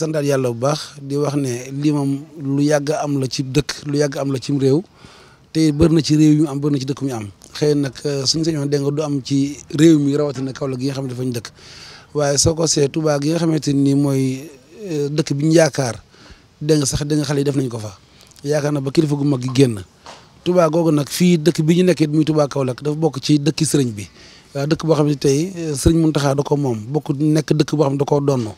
santaat yàlla bu baax di wax ne lii moom lu yàgg am la ci dëkk lu yàgg am la ci réew te bëri na ci réew yu am bëri na ci dëkk yu am xëy nag euh, suñu sañoon dégg nga du ci réew mi rawatina Kaolack gi nga xam ne dafa dëkk waaye soo see Touba gi nga xamante ni mooy euh, dëkk bi ñu yaakaar dégg nga xale yi nañ ko fa yaakaar na ba kilifa gu mag gi génn Touba googu nag fii dëkk bi ñu nekkee muy Touba Kaolack dafa bokk ci dëkki sëriñ bi waaw dëkk boo xam ne tey euh, sëriñ Mountakha da ko moom bokk nekk dëkk boo xam ne da koo donno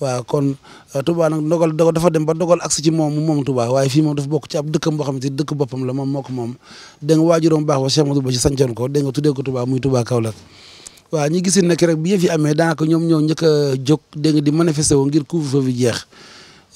waaw kon euh, Touba nag ndogal dogal dafa dem ba dogal agsi ci moom moom Touba waaye fii moom dafa bokk ci ab dëkkam boo xam ne dëkk boppam la moom moom dégg nga waajuróom baax ba Cheikh Madou Ba ci sancoon ko dégg nga tuddee ko Touba muy Touba Kaolack waaw ñi gisin nekk rek bi yëf yi amee daanaka ñoom ñoo njëkk jog jóg di manifesté woo ngir couvre-feu bi jeex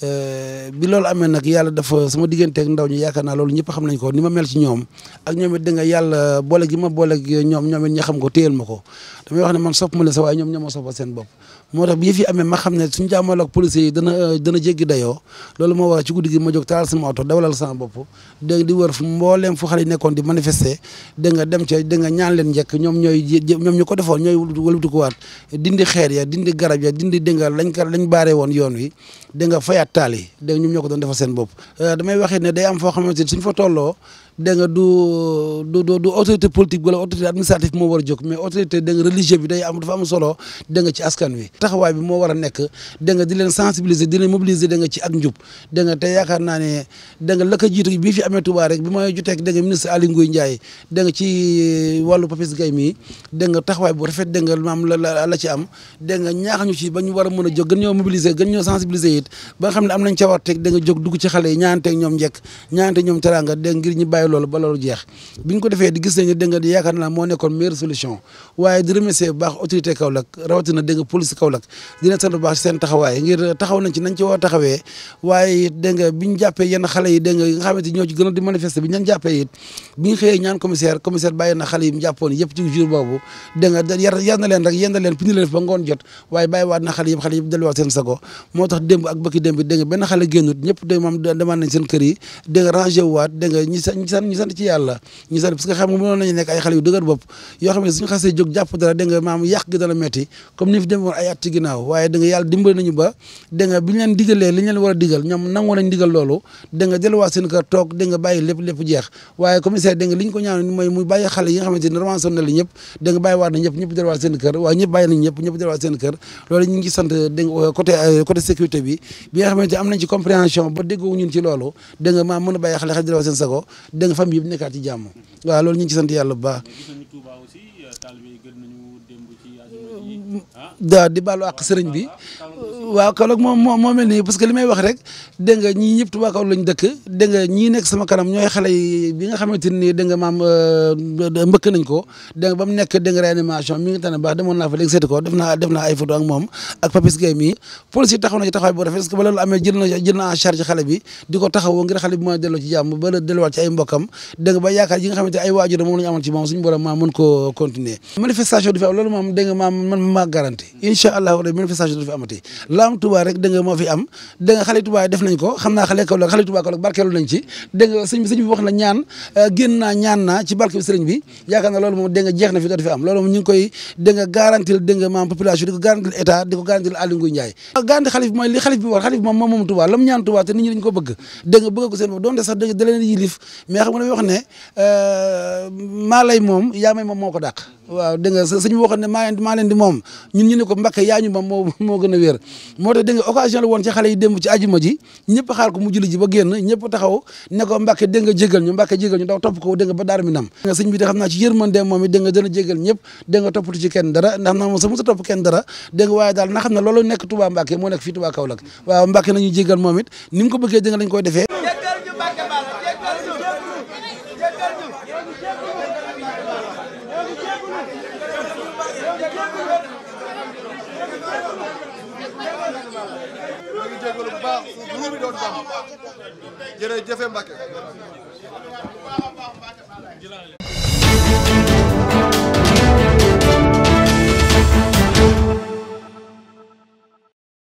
Euh, bi loolu amee nag yàlla dafa sama digganteeg ndaw ñi yaakaar naa loolu ñëpp xam nañ ko ni ma mel ci ñoom ak nga yàlla boole gi ma boole ñoom ñoom it ña xam ko téyel ma ko damay wax ne man sopp ma la sa ñoom ñoo ma seen bopp moo tax bi yëf ma xam ne suñu jàmmaloog policiers yi dana euh, dana dayoo loolu moo waral ci guddi gi ma jóg taal sama oto dawalal sama bopp dégg nga di wër fu mbooleem fu xale nekkoon di manifester dégg dem ca dégg nga ñaan leen njëkk ñoom ñooy ñoom ñu ko defoon ñooy wëlbatikuwaat dindi xeer ya dindi garab ya dindi dégg nga lañ ka lañ baare woon yoon wi da nga fayaat taal yi da ñoom ñoo ko doon defal seen bopp euh, damay waxit ne day am foo xamante ni suñ fa tolloo dégg nga du du du autorité politique wala autorité administrative moo war a jóg mais autorité dégg nga bi day am dafa am solo dégg ci askan wi. taxawaay bi moo war a nekk dégg nga di leen sensibiliser di leen mobiliser dégg nga ci ak njub dégg nga ne dégg nga la ko bii fi amee Touba rek bi ma jotee ak dégg nga ministre Aly Ngouille Ndiaye dégg nga ci wàllu Papis Gaye mii dégg nga taxawaay bu rafet dégg nga maam la la ci am dégg nga ñu ci ba ñu war a mën a jóg gën ñoo mobiliser gën ñoo sensibiliser it ba nga xam ne am nañ ca war teg dégg nga jóg dugg ci xale yi ñaanteeg ñoom njëkk ñoom teranga dégg bàyyi loolu ba jeex bi ko defee di gis nañu dégg di yaakaar naa moo nekkoon meilleure solution waaye di remercier baax autorité Kaolack rawatina dégg nga police Kaolack dina sant bu jàppee yi dégg xale yi mu jàppoon yëpp ci jot waaye bàyyi waat na xale yëpp xale yëpp seen sago moo tax démb ak bëkki démb dégg benn xale génnut ñëpp dégg demaan nañ seen kër yi dégg waat ci ci yàlla ñu parce que xam nga mënoon nañu nekk ay xale yu dëgër bopp yoo xam ne suñu xasee jóg jàpp dara dégg maam mën a xale xale delluwaat seen da nga famille yëpp nekkaat ci jàmm loolu ñu ngi ci sant yàlla bu baax daa di baalu sëriñ bi ah, waaw Kaolack moom moo moo mel nii parce que li may wax rek dégg xamante ni dégg nga maam euh, mbëkk nañ ko dégg nga ba mu moom ak na ci taxawaay bu rafet parce que ba loolu amee jël na jël na en charge xale bi di ko a delloo ci jàmm ba la delluwaat ci ay mbokkam dégg nga ba yaakaar moom la maa garanti incha allah manifestation du fi amati lam tuba rek de nga mo fi am de nga xale tuba def nañ ko xamna naa ko Kaolack tuba ko barkelu nañ ci de nga señ bi señ bi wax na ñaan euh, genn na ñaan na ci barkelu señ bi yaaka na lolu mo de nga jeex na fi dootu fi am lolu mo ñu koy de nga garantir de nga ma population diko garantir état diko garantir ali Aliou ñay Ndiaye garanti xalif bi li xalif bi war xalif mom mom tuba lam ñaan tuba te nit ñi dañ ko bëgg de nga bëgg ko señ seen bopp donte sax de da leen yilif mais xam nga wax ne euh ma lay mom ya may mom moko ko waaw de nga señ bi wax ne ma leen di mom ñun ñu ne ko mbacke yañu mom mo gëna wër moo tax dégg nga occasion la woon ci xale yi démb ci ajuma ji ñëpp xaar ko mu julli ba génn ñëpp taxaw ne ko mbàkke dégg nga jégal ñu mbàkke jégal ñu daw topp ko dégg nga ba daar mi nam nga sëñ bi de xam naa ci yërmande moom it dégg nga dana jégal ñëpp dégg nga ci kenn dara na moom sa musa topp kenn dara dégg nga waaye daal na xam ne loolu nekk Touba Mbàkke moo nekk fii Touba Kaolack waaw Mbàkke nañu jégal moom it ko bëggee dégg nga lañ koy defee réew mi doon baax jërëjëf Mbacke